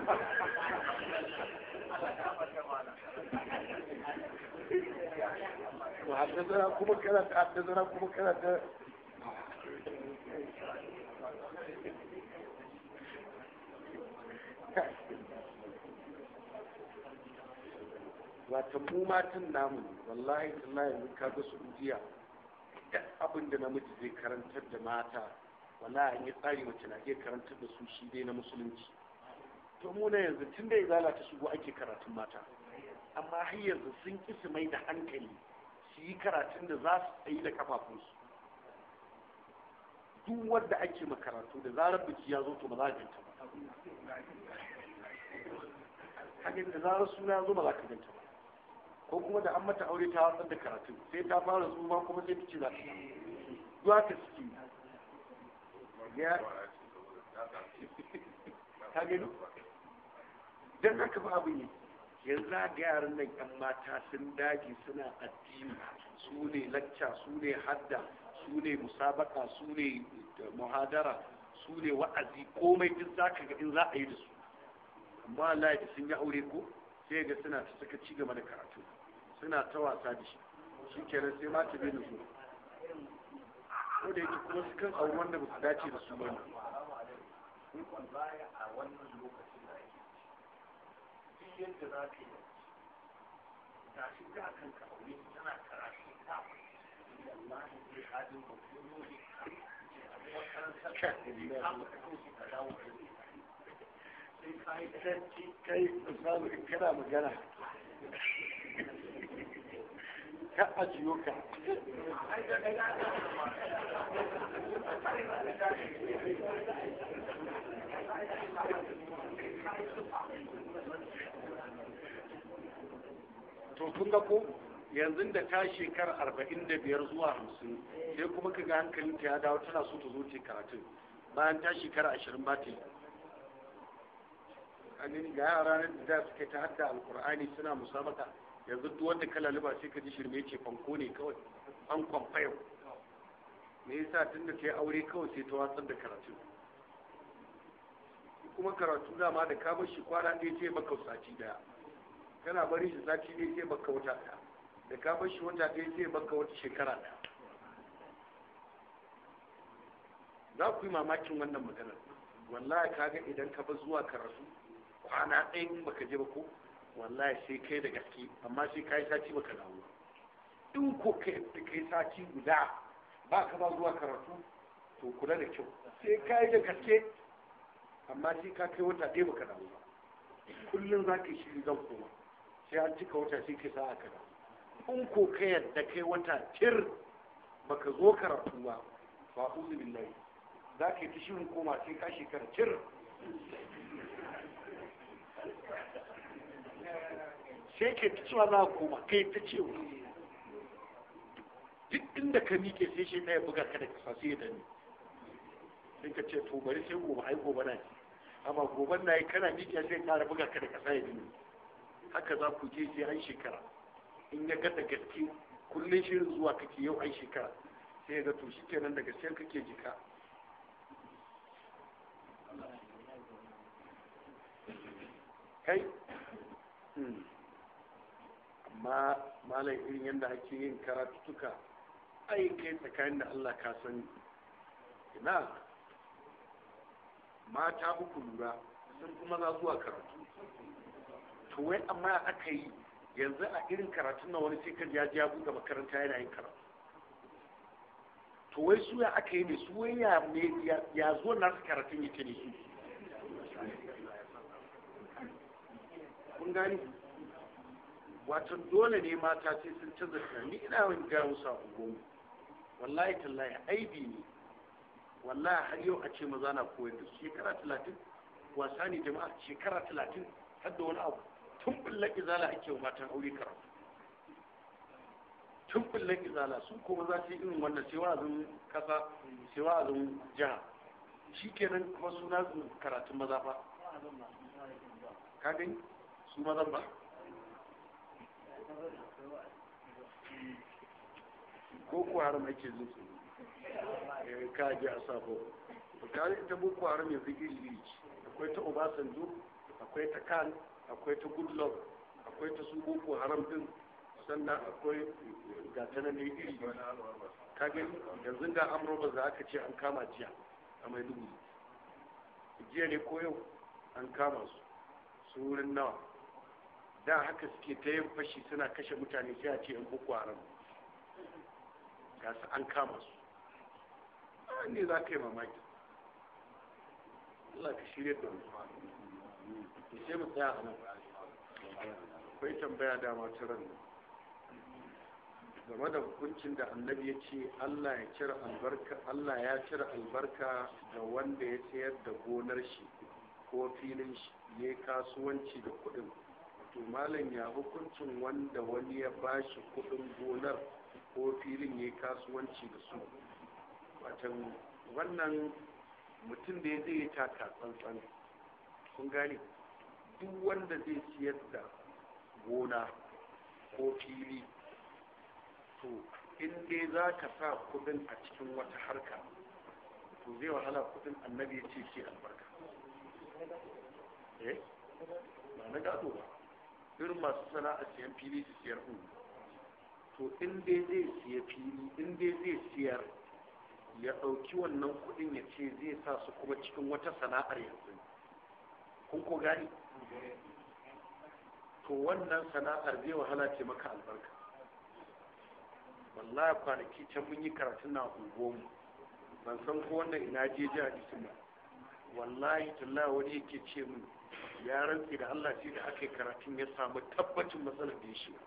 kana ta haddasa kuma kana ta wata mu matan namu wallahi tallahi mun ka ga su jiya duk abin da namiji zai karantar da mata wallahi an yi tsari mace na iya karantar da su shi dai na musulunci to mu na yanzu tun da ya zalata shigo ake karatun mata amma har yanzu sun ki su mai da hankali su yi karatun da za su tsayi da kafafunsu duk wanda ake karatu da zarar biki ya zo to ba za a ganta ba hakan da zarar suna ya zo ba za ka ganta ba ko kuma da an mata aure ta watsar da karatu sai ta fara suma kuma sai ta ci za ta zuwa ta suke ta gani don haka ba abu ne yanzu ga yaran nan yan mata sun daji suna addini su ne lacca su ne hadda su ne musabaka su ne muhadara su ne wa'azi komai duk za ka ga in za a yi da su amma Allah ya sun yi aure ko sai ga suna ta saka ci gaba da karatu suna ta wasa da shi shi kenan sai ma ta bai su ko da yake kuma su kan abu wanda ba su dace da su ba ne kai za kai yi kai kai kai kai aure tana karatu kai kai sai kai kai kai kai kai kai kai magana ka ajiyo ka to kun ga ko yanzu da ta shekar arba'in da biyar zuwa hamsin sai kuma ka ga ta ya dawo tana so ta zo ce karatun bayan ta shekara ashirin ba ta yi a ga yara da suke ta hadda alkur'ani suna musabaka yanzu duk wanda kala liba sai ka ji shirme ce fanko ne kawai an kwamfayo me yasa tun da ta yi aure kawai sai ta wasan da karatu kuma karatu dama da ka bar shi kwana ɗaya sai baka sati daya kana bari shi sati ɗaya sai baka wata daya da ka bar shi wata ɗaya sai baka wata shekara daya za ku yi mamakin wannan maganar wallahi kaga idan ka bar zuwa karatu kwana ɗaya ba baka je ba ko wallahi sai kai da gaske amma sai kai sati baka dawo in ko kai da kai sati guda ba ka ba zuwa karatu to kula da kyau sai kai da gaske amma sai ka kai wata ɗaya baka dawo ba kullum za ka shiri zan koma sai an cika wata sai kai sa'a ka dawo in ko kai yadda kai wata tir baka zo karatu ba fa'uzu billahi za ka yi ta shirin koma sai ka shekara cir sai ke ta cewa za a koma kai ta cewa duk inda ka miƙe sai shi ɗaya buga ka da ka sai ya dani sai ka ce to bari sai gobe ai gobe na amma gobe na yi kana miƙe sai ƙara buga ka da ka kasa ya dani haka za ku je sai an shekara in ya ga gaske kullum shirin zuwa kake yau an shekara sai ga to shi kenan daga sai kake jika kai hmm. amma malam irin yadda ake yin karatutuka ai kai tsakanin da Allah ka sani ina mata uku lura sun kuma za zuwa karatu to wai amma aka yi yanzu a irin karatun na wani sai ka ya ya buɗe makaranta yana yin karatu to wai su ya aka yi ne su wai ya me ya zo na karatun yake ne su kun gani wato dole ne mata sai sun canza tunani ina wani gawo musu a goma wallahi tallahi aibi ne wallahi har yau a ce maza na koyar da su shekara talatin wasa ne jama'a shekara talatin har da wani abu tun bulla izala ake wa matan aure karatu tun bulla izala su ko za su yi irin wannan sai wa'azin kasa sai wa'azin jiha kenan kuma suna karatun maza fa ka gani su mazan ba ko kwara mai ke zuwa eh, ka ji a sabo kare ita bu kwara mai zigi lirici akwai ta obasanjo akwai ta kan akwai ta goodluck akwai ta su boko haram din sannan akwai gatanan ne iri kagin gani yanzu ga amurba za aka ce an kama jiya a mai dubu jiya ne ko yau an kama su su wurin nawa da haka suke ta yin fashi suna kashe mutane sai a ce yan boko haram ga su an kama su ne za ka yi mamaki Allah ka shirya da Ya sai mu tsaya a nan akwai tambaya da masu ran game da hukuncin da annabi ya ce Allah ya cire albarka Allah ya cire albarka ga wanda ya sayar da gonar shi ko filin shi ne kasuwanci da kuɗin to malam ya hukuncin wanda wani ya bashi kudin gonar ko filin ya kasuwanci da su watan wannan mutum da ya zai ya taka tsantsan sun gane duk wanda zai siyar da gona ko fili to in dai za ka sa kudin a cikin wata harka to zai wahala kudin annabi ya ce ke albarka eh ba na gado ba irin masu sana'a siyan fili su siyar hudu to in dai zai siya fili in dai zai siyar ya ɗauki wannan kuɗin ya ce zai sa su kuma cikin wata sana'ar yanzu kun ko gani to wannan sana'ar zai wahala ce maka albarka wallahi kwanaki can mun yi karatun na unguwanmu ban san ko wannan ina je ji hadisin ba wallahi tallawa wani yake ce mun ya rantsi da Allah ce da aka yi karatun ya samu tabbacin matsalar da ya shiga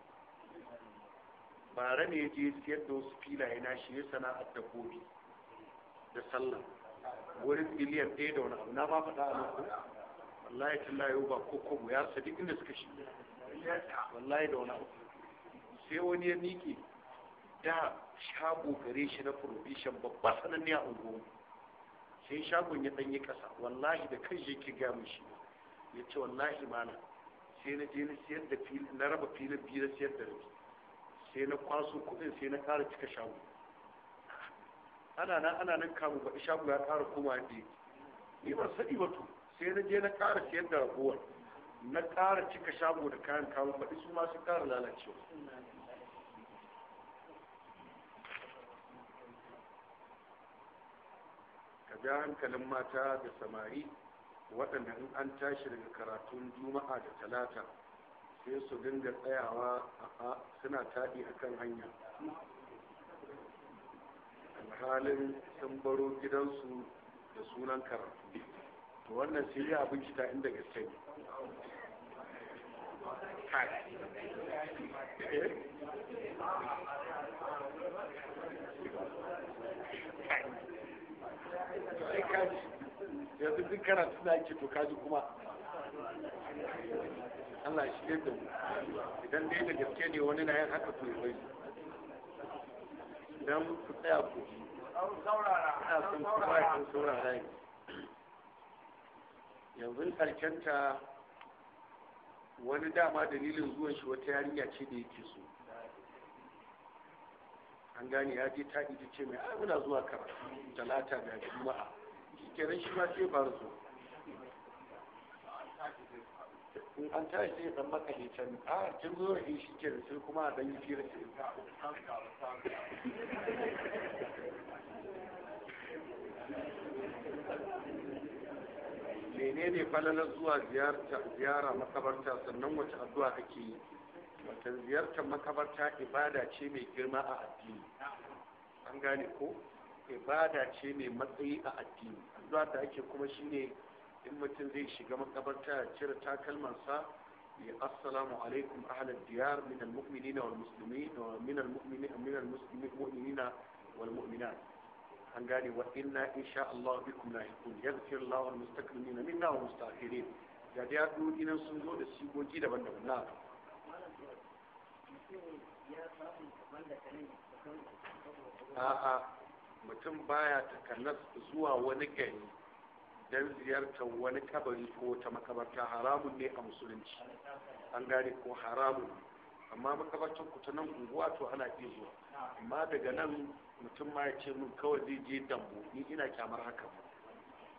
bara ne ya je siyar da wasu filaye na shi ya sana'ar da gobe da sallah wurin biliyan ɗaya da wani abu na ba faɗa a nan wallahi tilla yau ba ko kobo ya rasa duk inda suka shi wallahi da wani abu sai wani ya miƙe da shago gare shi na provision babba ne a unguwa sai shagon ya ɗanyi ƙasa wallahi da kan shi ke gamu shi ya ce na imana sai na je na siyar da fili na raba filin biyu na siyar da rabi sai na kwaso kuɗin sai na ƙara cika shago ana nan ana nan kamun baɗi shago ya ƙara koma yadda yake ba ban sani ba to sai na je na ƙara siyar da ragowar na ƙara cika shago da kayan kamun baɗi su ma su ƙara lalacewa ka ja hankalin mata da samari waɗanda in an tashi daga karatun juma'a da talata sai su dinga tsayawa a suna taɗi a kan hanya alhalin sun baro gidansu da sunan karatu to wannan sai ya abin inda gaske ne kai eh? yanzu duk karatu suna yake to kaji kuma Allah shi ne mu idan dai da gaske ne wani na yin haka to yi idan ku tsaya ku ji ina son kuma ya saurara ne yanzu karkenta wani dama dalilin zuwan shi wata yarinya ce da yake so an gane ya je ta ita ce mai ai muna zuwa karatu talata da juma'a kenan shi ba ce ba su in an tashi zai zan maka ne can a ah, kin zo ne shi ke da su kuma dan yi fira ce menene falalar zuwa ziyara makabarta sannan wace addu'a kake yi wata ziyartar makabarta ibada ce mai girma a addini an gane ko ibada ce mai matsayi a addini addu'a da ake kuma shine in mutum zai shiga makabarta ya cire takalmansa ya assalamu alaikum ahlal diyar min almu'minina wal muslimin wa min almu'minina min almuslimin wal mu'minat an gane wa inna insha Allah bikum lahiqun yaghfir Allah al mustaqimina minna wa mustaqirin da da yadu dinan sun zo da sigogi daban-daban na a'a mutum baya takanas zuwa wani gari don ziyartar wani kabari ko ta makabarta haramun ne a musulunci an gane ko haramun amma makabartar ku ta nan unguwa to ana iya zuwa amma daga nan mutum ma ya ce min kawai zai je dambo ni ina kyamar haka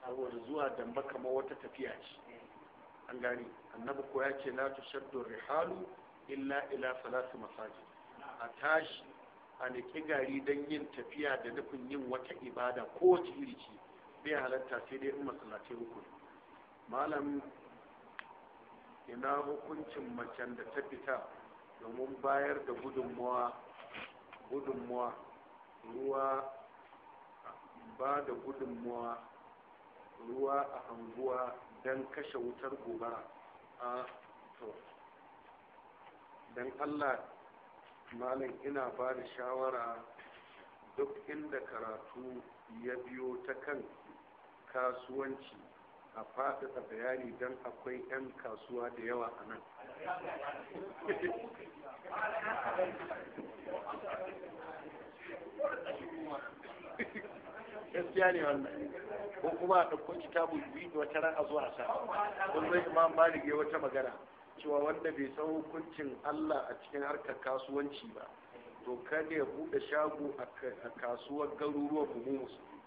saboda zuwa damba kamar wata tafiya ce an gane annabi ko ya ce la tushaddu rihalu illa ila salatu masajid a tashi a nake gari don yin tafiya da nufin yin wata ibada ko wace iri ce bai halatta sai dai in masallatai uku malam ina hukuncin macen da ta fita domin bayar da gudunmuwa ruwa ba da gudunmuwa ruwa a hanguwa don kashe wutar gobara a ah, to don allah malam ina ba da shawara duk inda karatu ya biyo ta kan kasuwanci a faɗaɗa bayani don akwai 'yan kasuwa da yawa a nan gaskiya ne wannan ko kuma a ɗaukun kitabun biyu wata ran a zuwa sa kuma zai imam malik ya wata magana cewa wanda bai san hukuncin Allah a cikin harkar kasuwanci ba to kada ya buɗe shago a kasuwar garuruwan mu musulmi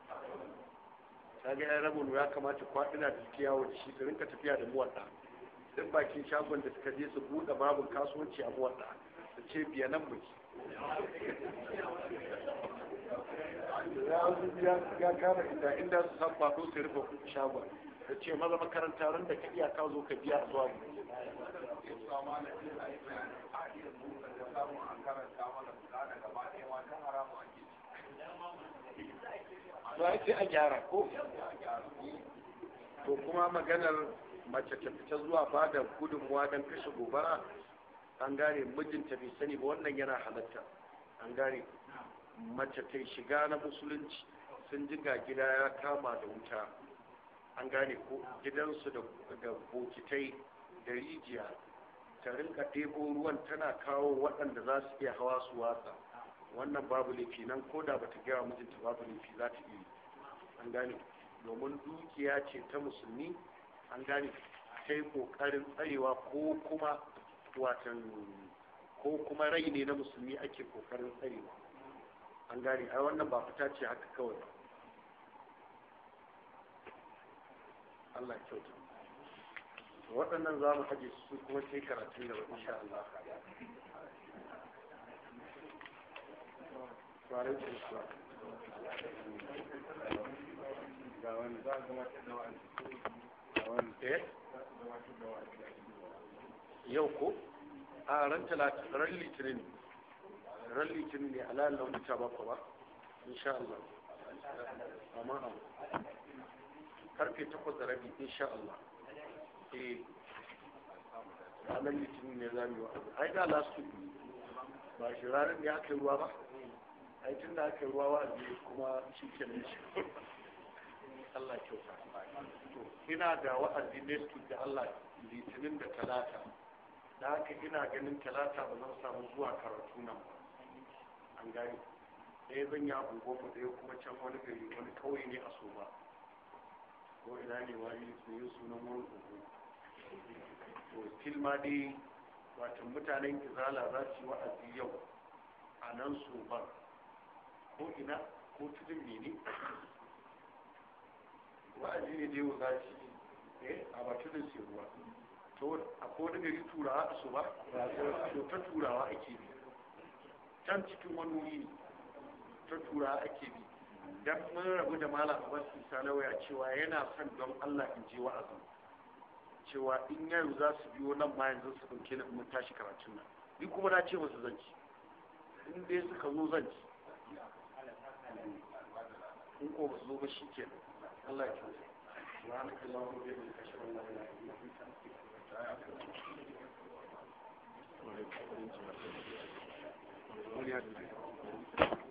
ta ga yan rabin ya kamata kwaɗina da su yawo da shi su rinka tafiya da muwaɗa duk bakin shagon da suka je su buɗe babin kasuwanci a muwaɗa su ce biya nan muke ya kama inda inda su san kwaɗo su rufe shagon da ce maza makaranta da ka iya ka zo ka biya zuwa mu sai a gyara ko to kuma maganar mace ta fita zuwa da gudunmuwa don kashe gobara an gane mijinta bai sani ba wannan yana halatta an gane mace ta shiga na musulunci sun jiga gida ya kama da wuta an gane ko gidansu da bokitai da rijiya ta rinka ɗebo ruwan tana kawo waɗanda za su iya hawa su wasa wannan babu laifi nan ko da bata gaya mijinta babu laifi za ta iya an gane domin dukiya ce ta musulmi an gane ta yi ƙoƙarin tsarewa ko kuma watan ko kuma rai ne na musulmi ake ƙoƙarin tsarewa an gane ai wannan ba fita ce haka kawai Allah ya kyauta waɗannan za mu haje su kuma sai karatun da wani sha Allah ga wani za a gabatar da dawa ga wani ɗaya eh? yau ko a ran talata ran litinin ran litinin ne ala Allah wuta ba ku ba sha Allah amma karfe takwas da rabi in sha Allah ranar litinin ne za mu yi wa'azi ai da last week ba shi ranar da aka yi ruwa ba ai tun da aka yi ruwa wa'azi kuma shi ke nan shi Allah kyauta to ina da wa'azi ne su da Allah litinin da talata da haka ina ganin talata ba zan samu zuwa karatu nan ba an gani ɗaya zan yi abubuwa ba ɗaya kuma can wani gari wani kauye ne a soma ko ina ne wani sunan wurin kogo to still ma dai wato mutanen izala za su yi wa'azi yau a nan su ba. ko ina ko tudun mene wa'azi ne dai za su yi eh, a ba tudun su ruwa to a da gari turawa a su ba to ta turawa ake bi can cikin wani wuri ne ta turawa ake bi dan mun rabu da malam abbas isa lawaya cewa yana son don allah in je wa'azi cewa in yayu za su biyo nan ma yanzu su ɗauke na mun tashi karatun nan ni kuma na ce musu zanci in dai suka zo zanci in ko ba zo ba shi ke Allah ya kyauta سبحانك اللهم